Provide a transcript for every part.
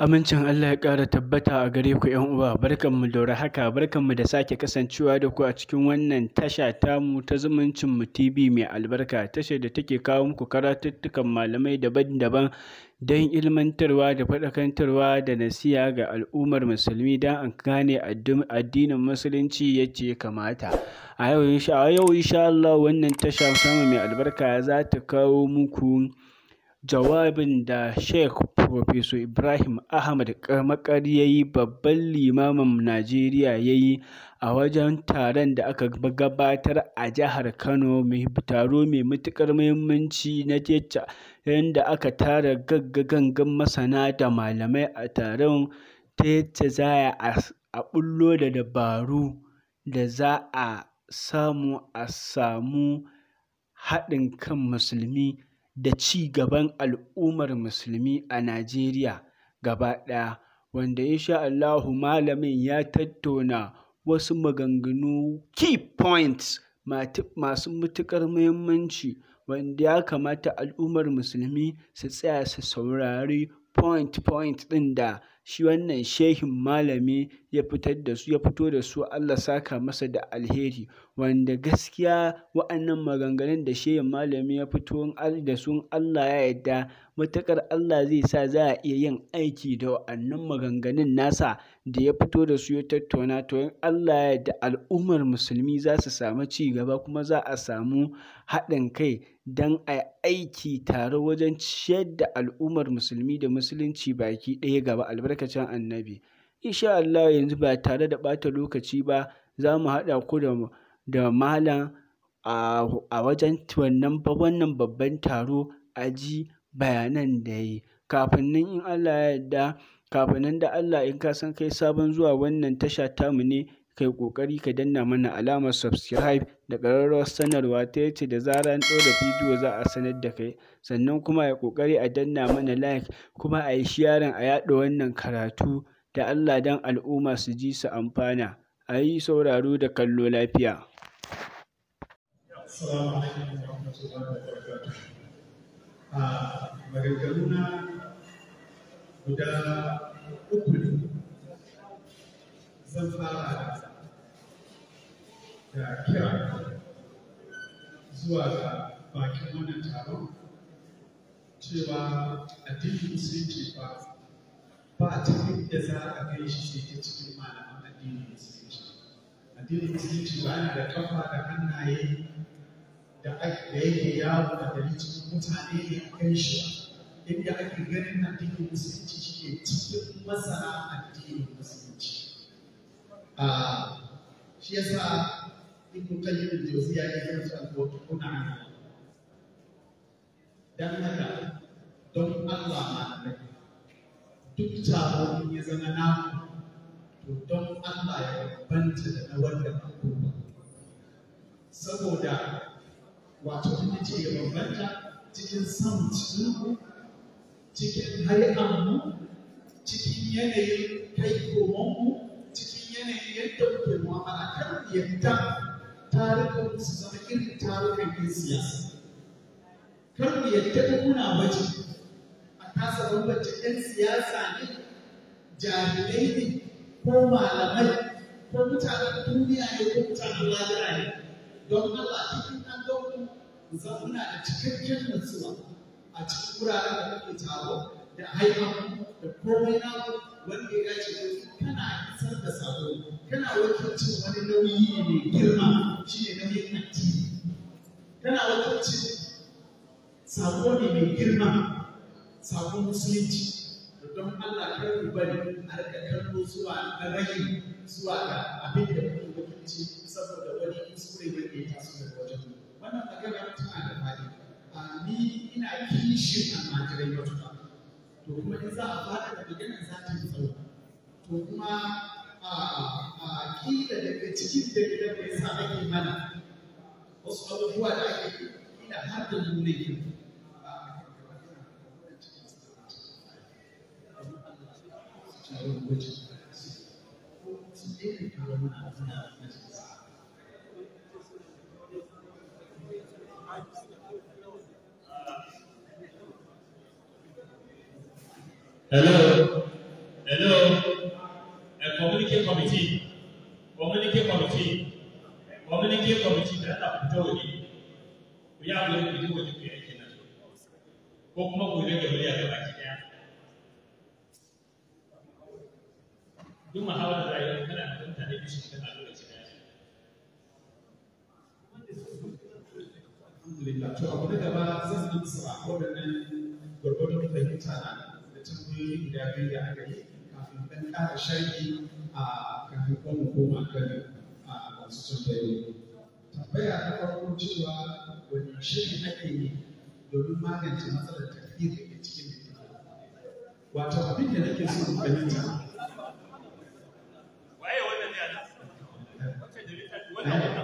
Amincin Allah ya ƙara tabbata a gare ku ‘yan uwa, barkanmu da haka, barkanmu da sake kasancewa da ku a cikin wannan tasha tamu ta zumuncinmu TV mai albarka, tashar da take kawo muku karatuttukan malamai daban-daban don ilmantarwa da faɗakantarwa da nasiya ga al'ummar musulmi don an gane addinin musulunci ya ya kamata. A yau insha Allah wannan tasha sama mai albarka za ta kawo muku Jawabin da Sheikh Profesa Ibrahim Ahmad Karmakari ya babban limamin Najeriya ya yi a wajen taron da aka gabatar a jihar Kano, taro mai matuƙar muhimmanci na yadda aka tara gaggan masana da malamai a taron ta yadda a ɓullo da dabaru da za a samu a samu haɗin kan Musulmi. da ci gaban al'ummar musulmi a Najeriya gaba ɗaya, wanda insha Allahu malamin ya tattauna wasu maganganu “key points” masu matuƙar muhimmanci wanda ya kamata al'ummar musulmi su tsaya su saurari point-point ɗin da shi wannan shehin malami ya fitar da ya fito da su Allah saka masa da alheri. wanda gaskiya wa'annan maganganun da shehin malami ya fito da sun Allah ya yarda matuƙar Allah zai sa za a iya yin aiki da wa'annan maganganun nasa da ya fito da su ya tattauna to in Allah ya yarda al'ummar musulmi za su samu ci gaba kuma za a samu haɗin kai don a aiki tare wajen ciyar da al'ummar musulmi da musulunci baki ɗaya gaba albarkacin annabi insha Allah yanzu ba tare da ɓata lokaci ba za mu haɗa ku da mu. da malam a wajen wannan wannan babban taro a ji bayanan da yayi kafin nan in Allah ya yarda kafin nan da Allah in ka san kai sabon zuwa wannan tasha tamu ne kai ƙoƙari ka danna mana alamar subscribe da ƙararrawar sanarwa ta yace da zarar an ɗora bidiyo za a sanar da kai sannan kuma ya ƙoƙari a danna mana like kuma a yi sharing a yaɗa wannan karatu da Allah dan al'umma su ji su amfana a yi sauraro da kallo lafiya السلام عليكم ورحمة الله وبركاته maganganuna guda uku ne zan fara da kira zuwa baki bakin taron cewa addinin musulunci ba ba ta inda za a kai shi sai ta cikin malaman addinin musulunci addinin da kafa da hannaye da yake yawo a gari cikin mutane ya kai shi inda ake ganin cikin musulunci shi cikin masana addinin musulunci shi yasa ibn qayyim al-jawziya ya yi su al-qur'ana dan haka don Allah malamai duk taron ya zama na to don Allah ya banta da na wanda ba saboda wato inda ce ya bambanta cikin samun cikin cikin mu cikin yanayin kai komonmu cikin yanayin yadda muke mu'amala kan yadda tarukan su zama irin tarukan yin siyasa kan yadda ta kuna waje a kasa bambancin yan siyasa ne jami'ai ne ko malamai ko mutanen duniya ne ko mutanen lajira ne don Allah cikin an gauna zauna da cikakken nutsuwa a cikin wuraren da kuke taro da haihuwa da komai na wanda ya dace da kana isar da sabo kana wakilcin wani nauyi ne mai girma shi ne shine nauyin addini kana wakilcin sabo ne mai girma sabon musulunci don Allah kar ku bari a rika kallo zuwa ga rage zuwa ga abin da kuke wakilci saboda wani kuskure da ya taso daga wajen wannan maganar tana da faɗi a ni ina kishin almajirai matuƙa to kuma in za a faɗa da maganar za ta yi tsawo to kuma a kila daga cikin da idan bai sa ake mana wasu abubuwa da ake ina har da nuna Thank you. Hello. cewa wani shiri ake yi domin magance matsalar wato abin da nake so fahimta waye ne Allah wacce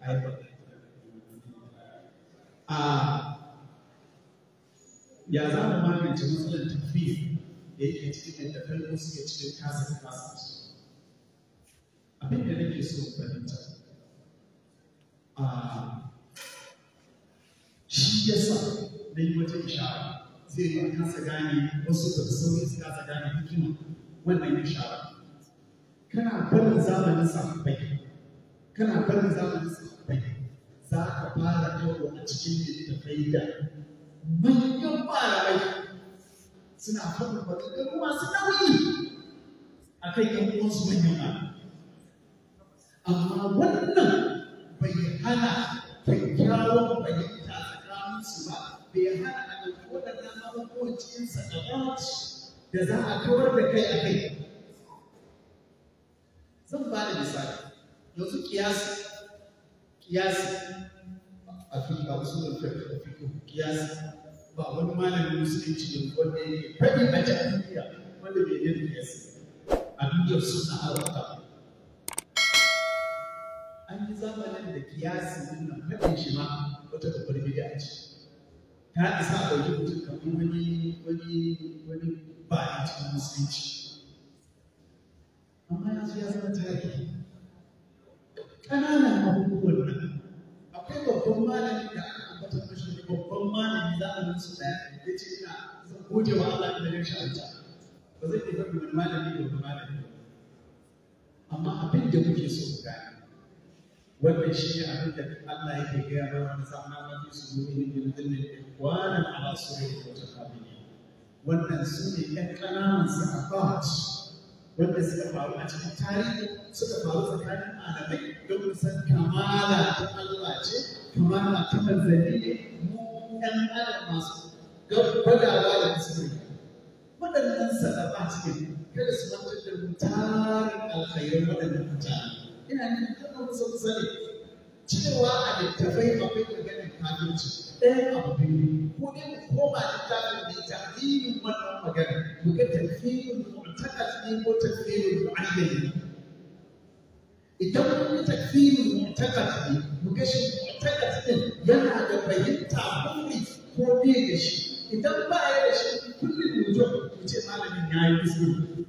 a eh, eh, eh, ah, ya za mu magance matsalar tafiyar da yake cikin suke cikin kasa kasa abin da nake so in fahimta shi yasa na yi wata ishara zai yi kasa gane wasu da sauri su kasa gane hikima wannan ishara kana barin zamanin sahabbai kana barin zamanin sahabbai za ka fara yawo a cikin littattafai da manyan malamai suna faɗin maganganu masu nauyi a kai ɗan uwansu manyan amma wannan bayyana hana kyakkyawan fahimta tsakanin su ba bai hana a ɗauki waɗannan abubuwan cikin sakamakon da za a kawar da kai a kai zan ba da misali yanzu kiyasi kiyasi a fi a wasu da fi kiyasi ba wani malamin musulunci ne wanda ya faɗi a jahiliya wanda bai yi kiyasi a duniyar suna haramta zamanin da kiyasi nuna faɗin shi ma wata babbar bidiya ce ta isa a ɗauki mutum kamar wani wani wani ba a cikin musulunci amma ya ce ya zama tarihi ƙananan abubuwan nan akwai babban malami da aka ambata mashi da babban malami za a nutsu da ya ce ina zan goge wa Allah da rashin wuta ba zai iya zama wani malami da wani malami amma abin da muke so gani wannan shi ne abin da Allah yake gaya mana da sa'ana ba fi su zuwa ne da dinnan ikwanan ala ne da wata ne wannan su ne ɗan ƙananan sahabbat wanda suka faru a cikin tarihi suka faru tsakanin malamai don san kamala ta Allah ce kamala ta manzanni ne mu ɗan adam masu gabbadawa da musulmi waɗannan sahabbat ne kada su mantar da mu alkhairar waɗannan mutane ina nan kaka kusa kusa ne cewa a littafai akwai maganin kafirci ɗaya abu biyu ko dai mu koma littafin da ta ainihin wannan magana mu ga tafiyin mu'takas ne ko tafiyin mu'ayyani idan mun yi tafiyin mu'takas ne mu ga shi mu'takas ɗin yana da fahimta buri ko bai da shi idan ba ya da shi kullum mu ce malamin ya yi kuskure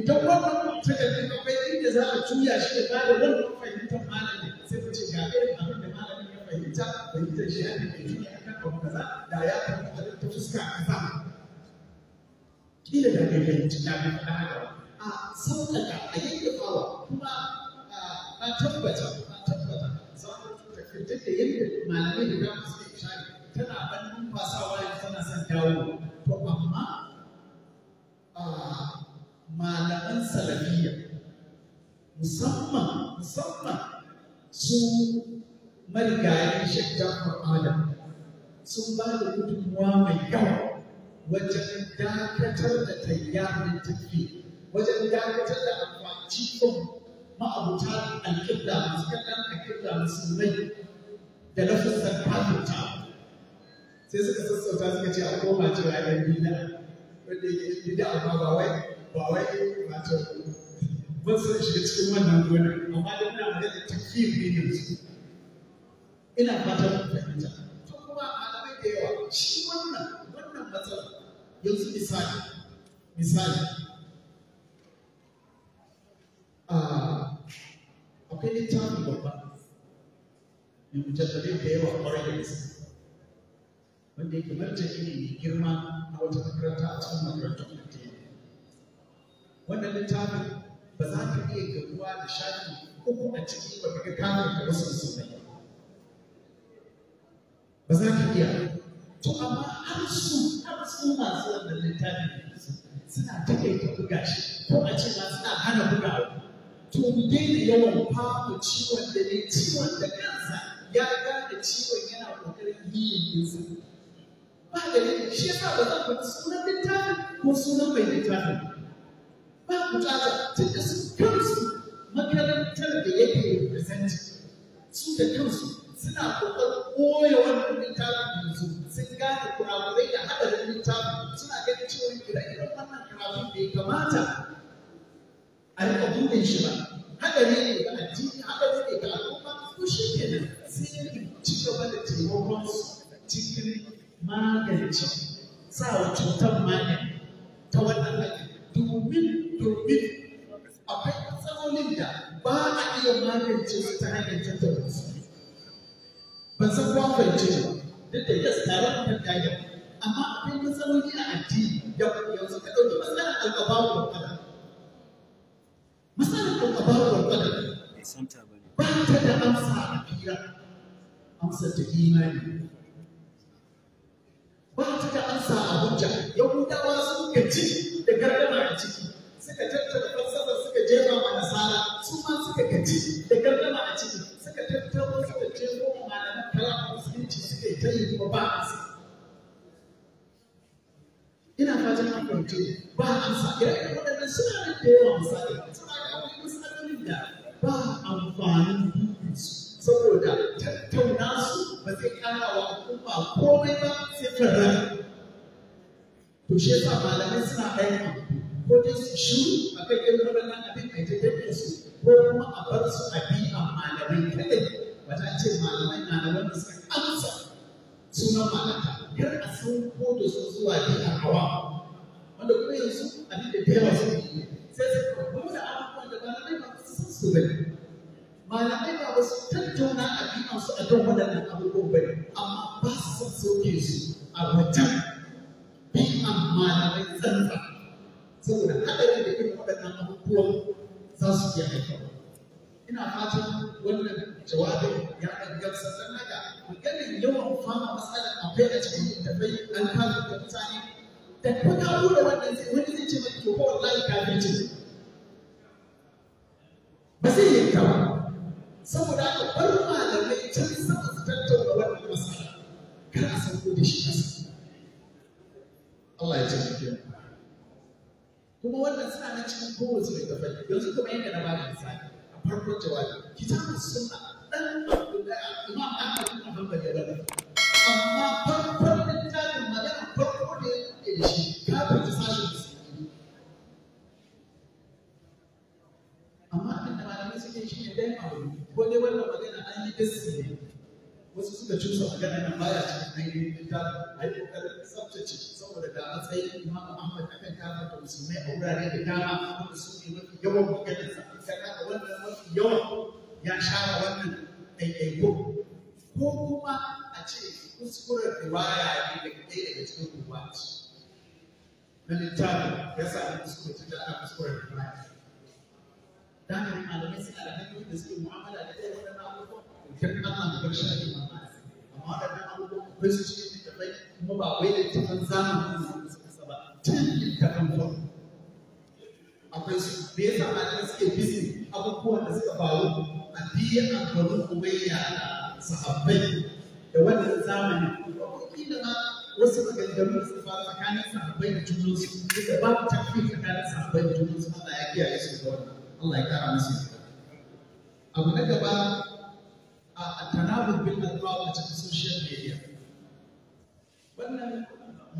idan wannan mu'takas ɗin akwai yadda za a juya shi ya bada wannan fahimtar malami sai ku ce ga irin abin da malami ya fahimta fahimta shi ya ne ke juya kan abu kaza da ya kamata a ta fuska kasa. kila da kai fahimci ta bai faɗa haka a sauƙaƙa a yayyafawa kuma a tabbata a tabbata sauran tafiye da yadda malami da dama yi ishari tana ban numfasawa yanzu tana son dawo to amma malaman salafiyya musamman musamman su marigayen shakkan adam sun ba da gudunmuwa mai yawa wajen dakatar da tayyarin tafi wajen dakatar da amfani cikin ma'abuta alƙibla masu kallon alƙibla musulmai da lafisar kafirta sai suka sassauta suka ce a koma cewa yan bida wanda yake bida amma ba wai ba wai ba ta ban san shiga cikin wannan gona amma da muna magana tafiyar ne ina fatan fahimta to kuma da yawa shi wannan wannan matsala yanzu misali misali akwai littafin babba mai mujallabai da yawa kwarai da gaske wanda yake martani ne mai girma a wata makaranta a cikin makarantar wannan littafin ba za ka iya gabuwa da shafi uku a ciki ba ka ga kamun da wasu musulmai ba za ka iya to amma har su har su masu wannan littafin suna take ta buga shi ko a ce ma suna hana buga to mu daina yawan fama ciwon da ne ciwon da kansa ya gane ciwon yana kokarin yin yinsa ba da shi yasa ba zan faɗi sunan littafin ko sunan mai littafin ba bukata tun da su kansu makarantar da yake represent su da kansu suna kokarin koya wannan littafin yanzu sun gane kurakurai da hadarin littafi suna ganin cewa ire-iren wannan karatun bai kamata a rika dubin shi ba hadari ne ga addini hadari ne ga al'umma ko shi ne nan sai ya ci gaba da taimakon su cikin magance sa wa cutar magani ta wannan hanyar domin domin akwai matsalolin da ba a iya magance su ta hanyar canza su ban san kuma fahimce shi ba duk da yas taron kan kayan amma akwai matsaloli a addini da yanzu ka ɗauki matsalar alƙabaru wa ƙadar matsalar alƙabaru wa ƙadar ba ta da amsa a imani ba ta da amsa a hujja yahudawa sun gaji da a ciki suka tattara falsafa suka jefa ma nasara su ma suka gaji da gardama a ciki suka tattara suka jefa ma malaman kalamar musulunci suka yi ta yi kuma ba a ina fatan an fahimci ba a amsa ire-iren waɗannan suna da yawa misali suna da abubuwan misalolin da ba amfani saboda tattauna su ba zai ƙara wa al'umma komai ba sai kan to shi yasa malamai suna ɗaya abu ko dai su shiru a kai irin waɗannan abin a yi su ko kuma a bar su a bi a malamai kaɗai wata ce malamai malaman da suka amsa sunan malaka kar a san ko da su zuwa bi a hawa wanda kuma yanzu abin da yawa yi sai su kuma da abubuwan da malamai ba su san su bane malamai ba wasu tattauna a biyansu a kan waɗannan abubuwan bane amma ba su san soke su a wajen biyan malamai tsantsa saboda haɗari da irin waɗannan abubuwan za su iya haifarwa ina fatan wannan jawabin ya ɗangar sannan haka maganin yawan fama matsalar akwai a cikin littafai an kama da mutane da kuma ka wannan sai wani zai ce mai to ko kafin ce. ba zai yi kawa saboda haka bar malamai can sama su tattauna wannan matsala kar a ko da shi kasa Allah ya ce shi kuma wannan suna na cikin kowace mai tafai yanzu kuma yana da bada misali a farko jawabi kitabu sunna dan imam ahmad bin hanbal ya amma farkon littafin magana farko da yake da shi kafin ta amma abin da malamai suke shi ne dai ko dai wannan magana an yi gaskiya wasu suka ci su a ganin baya cikin hanyoyin fita a yi ƙoƙarin tsaftace saboda da matsayin imamu da kan kama da musulmai a wurare da dama wanda su ne mafi yawan maganarsa sai kaga wannan mafi yawan ya share wannan ɗaiɗaiko ko kuma a ce kuskuren riwaya ne daga ɗaya daga cikin rubuwaci na littafi ya sa sami kuskure da ana kuskuren riwaya. Dangane malamai suna da hanyoyin da suke mu'amala da ɗaya waɗannan abubuwan kar Allah da bar shi a gida amma da nan abubuwan akwai su ne abubuwan da suka faru a biya amfanin umayya da wannan zamani wakila ma wasu maganganu su fara tsakanin sahabbai da junansu duka ba ya kiyaye su da wannan abu na gaba a tanabul bil alfab a cikin social media wannan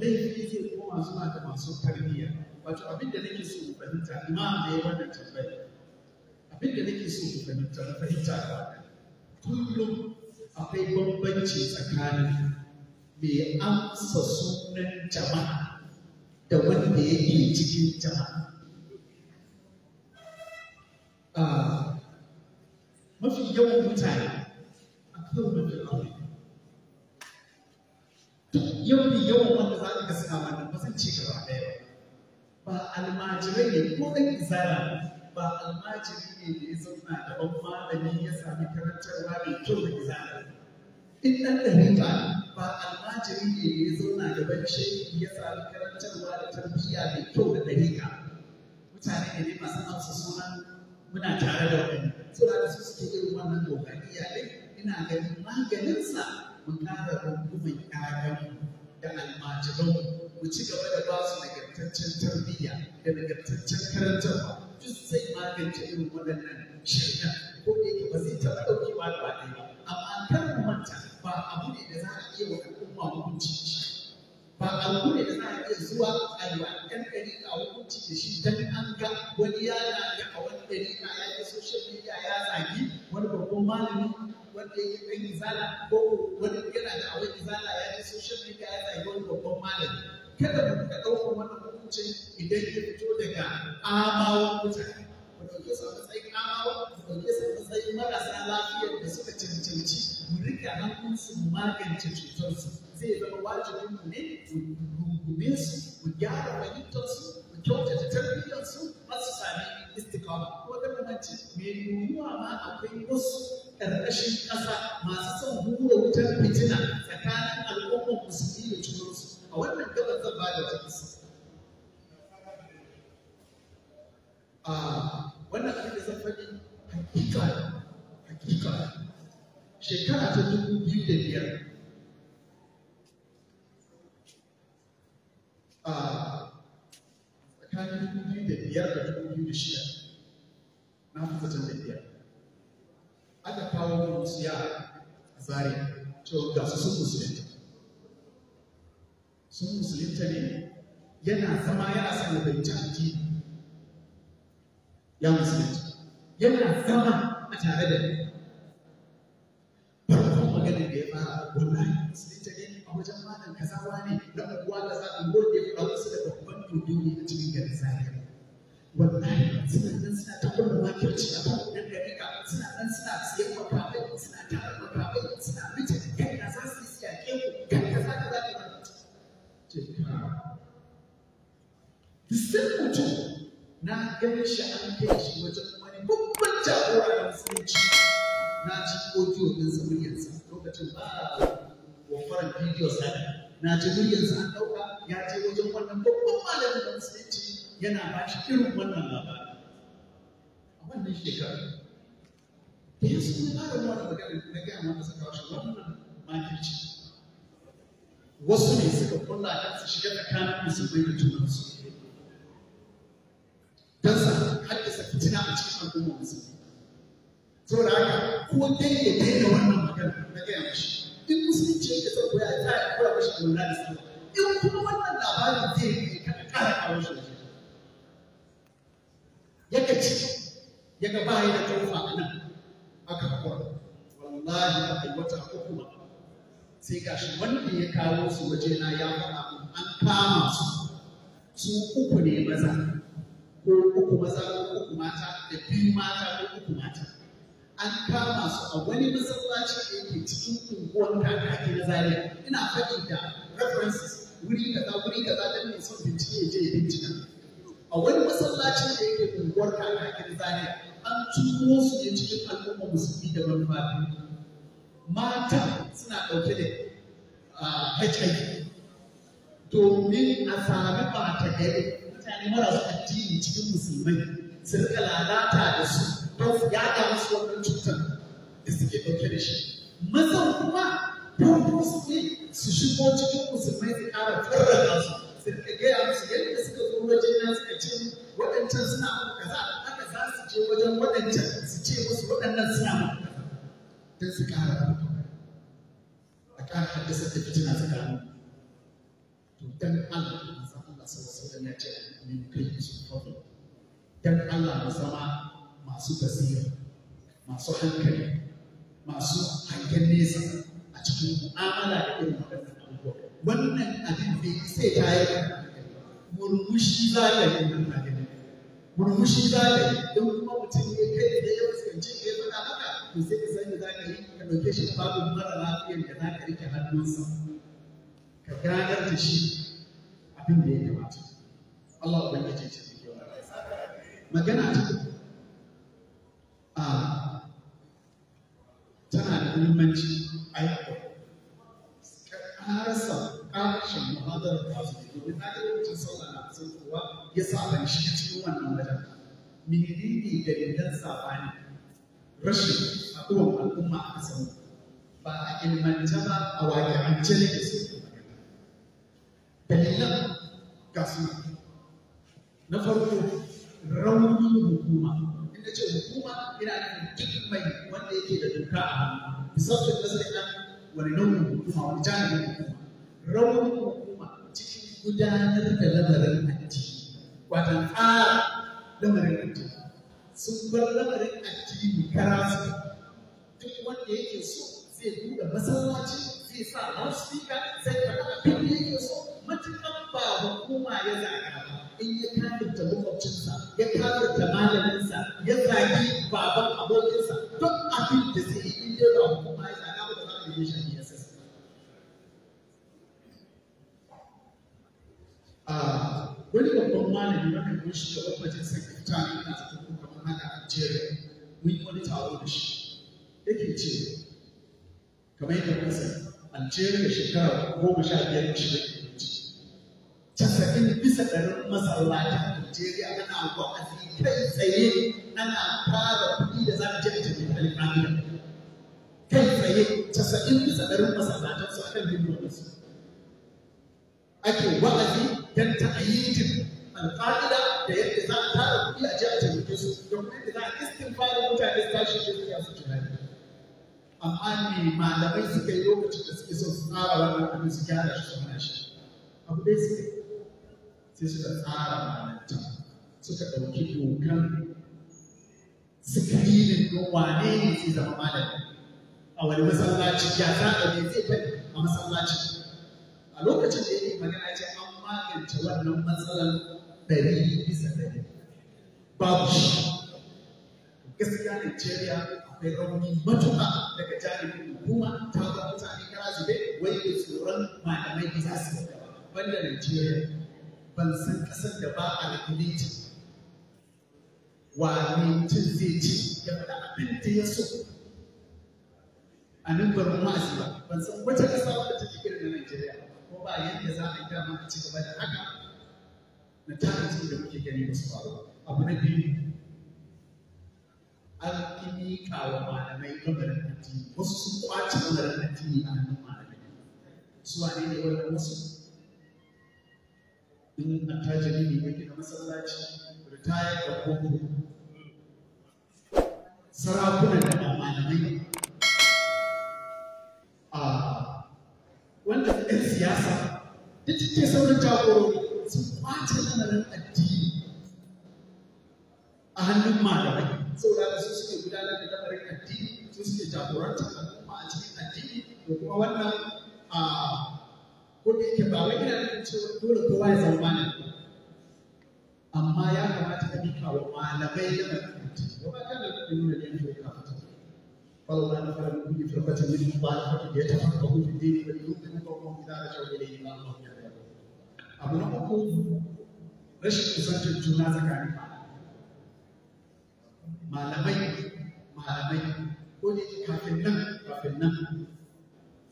laifi zai koma zuwa ga masu tarbiyya wato abin da nake so ku fahimta imam da ya wannan tambaya abin da nake so ku fahimta na fahimta ba kullum akwai bambanci tsakanin mai amsa sunan jama'a da wanda yake cikin jama'a mafi yawan mutane duk yawan yawan wanda za ka suna ba gaba ne ba ne kyau in ɗan ɗariƙa ba almajiri ne ya zauna daban karantarwa da tarbiyya kyau da ɗariƙa mutane ne masu amsa suna muna tare da wani suna da ina ganin maganinsa mu kara rungumar ƴaƴanmu da almajiran mu ci gaba da ba su nagartaccen tarbiyya da nagartaccen karantarwa duk zai magance irin waɗannan shirya ko da yake ba zai taɓa ɗaukewa ba baɗi ba amma kar mu manta ba abu ne da za a iya wa al'umma hukunci ba abu ne da za a iya zuwa a yi wa ɗan hukunci da shi dan an ga wani yana da a wani ɗariƙa a yi social media ya zagi wani babban malami wanda ya ɗan izala ko wani yana da awai izala ya yi social media ya zai wani babban malami kada mu ka ɗaukar wannan hukuncin idan ya fito daga amawan mutane mu ɗauke su a matsayin amawa mu ɗauke su a matsayin marasa lafiyar da suka cancanci mu rika hannunsu mu magance cutarsu zai zama wajibin mu ne mu rungume su mu gyara fahimtarsu mu kyautata tarbiyyarsu har su sami istikama bambanci mai yiwuwa ma akwai wasu ƙarƙashin ƙasa masu son hura wutar fitina tsakanin al'ummar musulmi da cikinsu a wannan gaba zan ba da jinsu a wannan abin da zan faɗi hakika hakika shekara ta dubu biyu da biyar a tsakanin dubu biyu da biyar da dubu biyu da shida an fi zaton da biyar aka kawo musu yara a zari to ga su sun musulunta sun musulunta ne yana zama ya sanya bai canji ya musulunta yana zama a tare da ni farkon maganin da ya fara a wallahi musulunta ne a wajen malam kazawa ne na unguwa kaza unguwar da ya faɗa wasu daga babban dodoni a cikin garin zariya wallahi suna nan suna ta kullum makirci suna nan suna siyan makamai suna tara suna za su yi za na an kai shi wajen wani babban jagora na musulunci na ji audio din sa lokacin na an ɗauka ya ce wajen wannan babban malamin da musulunci yana ba shi irin wannan labarin a wannan shekarar da ya sun da ruwa da magana na gaya mata suka washe wannan makirci wasu ne suka kulla da su shiga tsakanin musulmai da juna su don sa haddasa fitina a cikin al'umma musulmi saboda haka ko dai ya daina wannan magana na gaya mashi in musulunci yake son koya ta koya mashi a lura da sama in kuma wannan labarin zai yi kada kara kawo shi ya ga ci ya ga bayi da tofa a nan aka hakura wallahi aka yi wata hukuma sai gashi wanda ya kawo su waje na ya faɗa an kama su su uku ne maza ko uku maza ko uku mata da biyu mata ko uku mata an kama su a wani masallaci da yake cikin unguwar kakaki na zaria ina faɗi da references wuri kaza wuri kaza don mai son bincike ya je ya bincika a wani masallacin da yake unguwar kakakin zane an tuno su ne cikin al'umma musulmi da manufa mata suna ɗauke da hajjai domin a sami mata gari mutane marasu addini cikin musulmai su rika lalata da su don su yada musu wannan cutar da suke ɗauke da shi mazan kuma farko su ne su shigo cikin musulmai su ƙara farraka su su rika gaya musu yadda suka ce waɗancan suna muku kaza haka za su je wajen waɗancan su ce musu waɗannan suna muku kaza don su ƙara a ƙara haddasa da fitina tsakanin to dan Allah manzon Allah sallallahu alaihi wasallam ya ce ne kai su fadi dan Allah mu zama masu basira masu hankali masu hangen nesa a cikin mu'amala da irin waɗannan abubuwa wannan abin bai sai ta yi murmushi za ka yi nan a gida murmushi za ka yi don kuma mutum ne kai da ya fuskanci ne faɗa haka to sai ka sani za ka yi ka ɗauke shi babu mara lafiyar da za ka rike hannunsa ka gadar da shi abin da ya kamata Allah ubangiji ce da kewa magana ta a tana da muhimmanci ayyuka ka ƙarasa mu'amalar su domin na ga lokacin sallah na saukowa ya sa ban shiga cikin wannan wajen menene dalilan sabani rashin haɗuwar al'umma a kasan ba a ilmance ba a waƙi'ance ne da su dalilan ga su na farko raunin hukuma inda ce hukuma ina da duk mai wanda yake da duka a hannu bisabtin nasarar wani nau'in hukuma wani jami'in hukuma raunin hukuma gudanar da lamarin addini wata tsara lamarin addini sun bar lamarin addini kara su duk wanda yake so zai buɗe masallaci zai sa loudspeaker zai fara abin da yake so matuƙan ba hukuma ya zaga in ya da makwabcinsa ya da malaminsa ya zagi baban Ah, wani babban malami wanda mun shi gaban majalisar kyauta ne ina zata kamar hada Algeria mun yi wani taro da shi yake ce kamar yadda kuka sani Algeria shekara goma sha biyar shirin casa'in bisa ɗarin masallatan Algeria ana wa'azi kai tsaye ana fara kuɗi da za a je a jami'a alƙalila kai tsaye casa'in bisa ɗarin masallatan su akan yin ake wa'azi don ta'ayyidin alƙa'ida da yadda za a tara kuɗi a jiya taimake su da kuma yadda za a istinfarin mutane su tashi da suya su jihadi amma ne malamai suka yi lokacin da suke son su tsara wannan abin su gyara shi su shi abu dai suke sai suka tsara malamta suka ɗauki dokan suka yi wane ne zai zama malami a wani masallaci ya za a ne zai a masallaci a lokacin da yake magana ce an magance wannan matsalar dari bisa dari babu shi gaskiya Najeriya akwai rauni matuƙa daga jami'in hukuma ta ga mutane kara zube wai da tsoron malamai da za su yi banda Najeriya ban san ƙasar da ba a da gwamnati wane mutum zai ci ya faɗa abin da ya so a nan barin ba ban san wata ƙasa wadda ta irin na Najeriya ko ba yadda za a yi dama a ci gaba da haka na tanajin da muke gani ba su faru abu na biyu alkimi kawo malamai lamarin addini wasu sun kwace lamarin addini a hannun malamai su wane ne wannan wasu in attajiri ne ya gina masallaci ritaya da koko sarakunan da malamai siyasa duk cikin sauran jagorori sun kwace lamarin addini a hannun malamai saboda su suke gudanar da lamarin addini su suke jagorantar al'umma a cikin addini da kuma wannan a kuma yake ba wai yana nufin cewa dole kowa ya zama malami amma ya kamata ka bi kawo malamai lamarin addini ba ba da nuna ne ka ولولا نفر من كل فرقة منهم طائفة ليتفقهوا في الدين ولينذروا قومهم إذا رجعوا إليهم لعلهم يرجعون. أبو نعم rashin kusantar juna tsakanin malamai malamai ko ne kafin nan kafin nan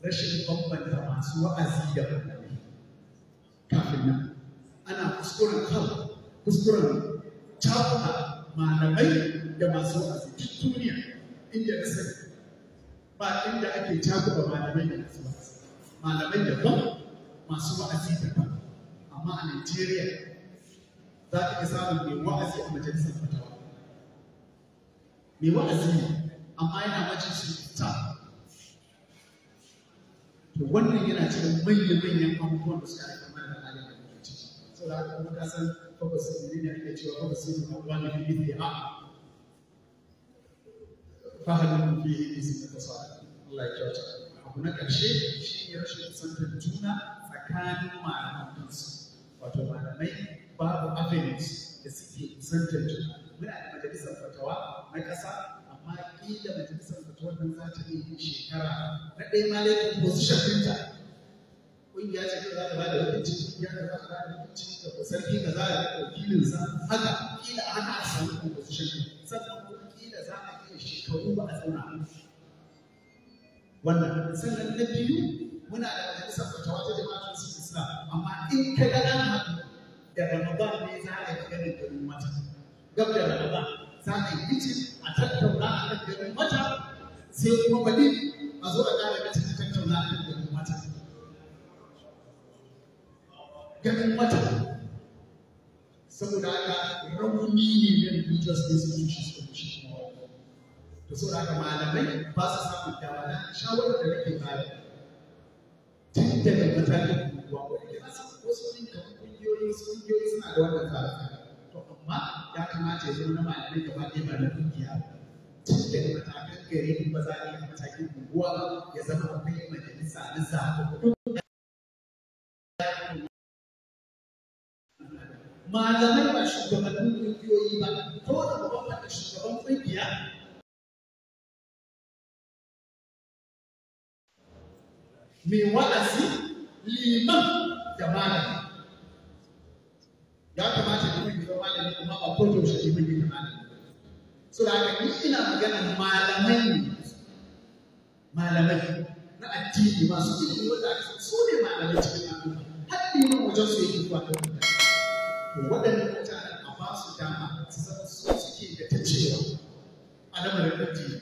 rashin bambanta masu wa'azi da malamai kafin nan ana kuskuren kan kuskuren cakuɗa malamai da masu wa'azi duk duniya inda sani ba inda ake cakuɗa malamai da nasu ba malamai daban masu wa'azi daban amma a Najeriya za ka samun mai wa'azi a majalisar fatawa mai wa'azi amma yana su ta to wannan yana cikin manya-manyan abubuwan da suka aika kamar da halin da muke ciki saboda haka kuma ka san focus ne da ake cewa focus ne na wani bid'a fahalin fihi isi da kasa Allah ya kyauta abu na ƙarshe shi ne rashin kusantar juna tsakanin malaman kansu wato malamai babu affinities da suke kusantar juna muna da majalisar fatawa na ƙasa amma ƙila majalisar fatawa nan za ta yi shekara na ɗaya ma laifin position ɗinta ƙungiya ce ta za ta ba da rikici ƙungiya ta za ta ba da rikici da sarki ka za a yi wakilinsa haka ƙila haka a samu composition sannan to ba a zauna wannan sannan na biyu muna da majalisar fatawa ta wata su sa amma in ka ga ɗan haɗu da ramadan ne za a yi ganin garin mata gab da ramadan za a yi bici a tattauna a kan garin mata sai kuma bali a zo a ƙara bici a tattauna a kan garin mata Ganin mata saboda haka rauni ne na religious institutions da saboda haka malamai ba su samun dama na shawarar da nake bayar tun daga matakin kuwa ko da na samu wasu kamar kungiyoyi kungiyoyi suna da wannan tsare to amma ya kamata ya zama na malamai gaba ɗaya ba na kungiya tun daga matakan gari in ba za a yi matakin ya zama akwai majalisa na zaɓa malamai ba shugabannin kungiyoyi ba ko mai wa'azi liman jama'a. ya kamata liman ya zama malami kuma ba ko yaushe liman ya zama malami so da haka ni ina magana malamai ne malamai na addini masu cikin wanda aka su ne malamai cikin al'umma har liman wajen su yake zuwa da mutane to waɗannan mutanen a ba su dama su zama su suke da ta cewa a lamarin addini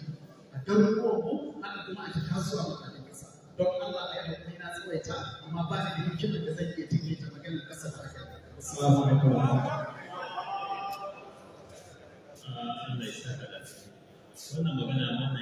a garuruwan ko haka kuma ake kasuwa mutane don Allah ya yi na tsawaita amma ba ni da hikimar da zan iya tinke ta maganar kasar da Assalamu alaikum. Ah, Allah ya sa da lafiya. Wannan magana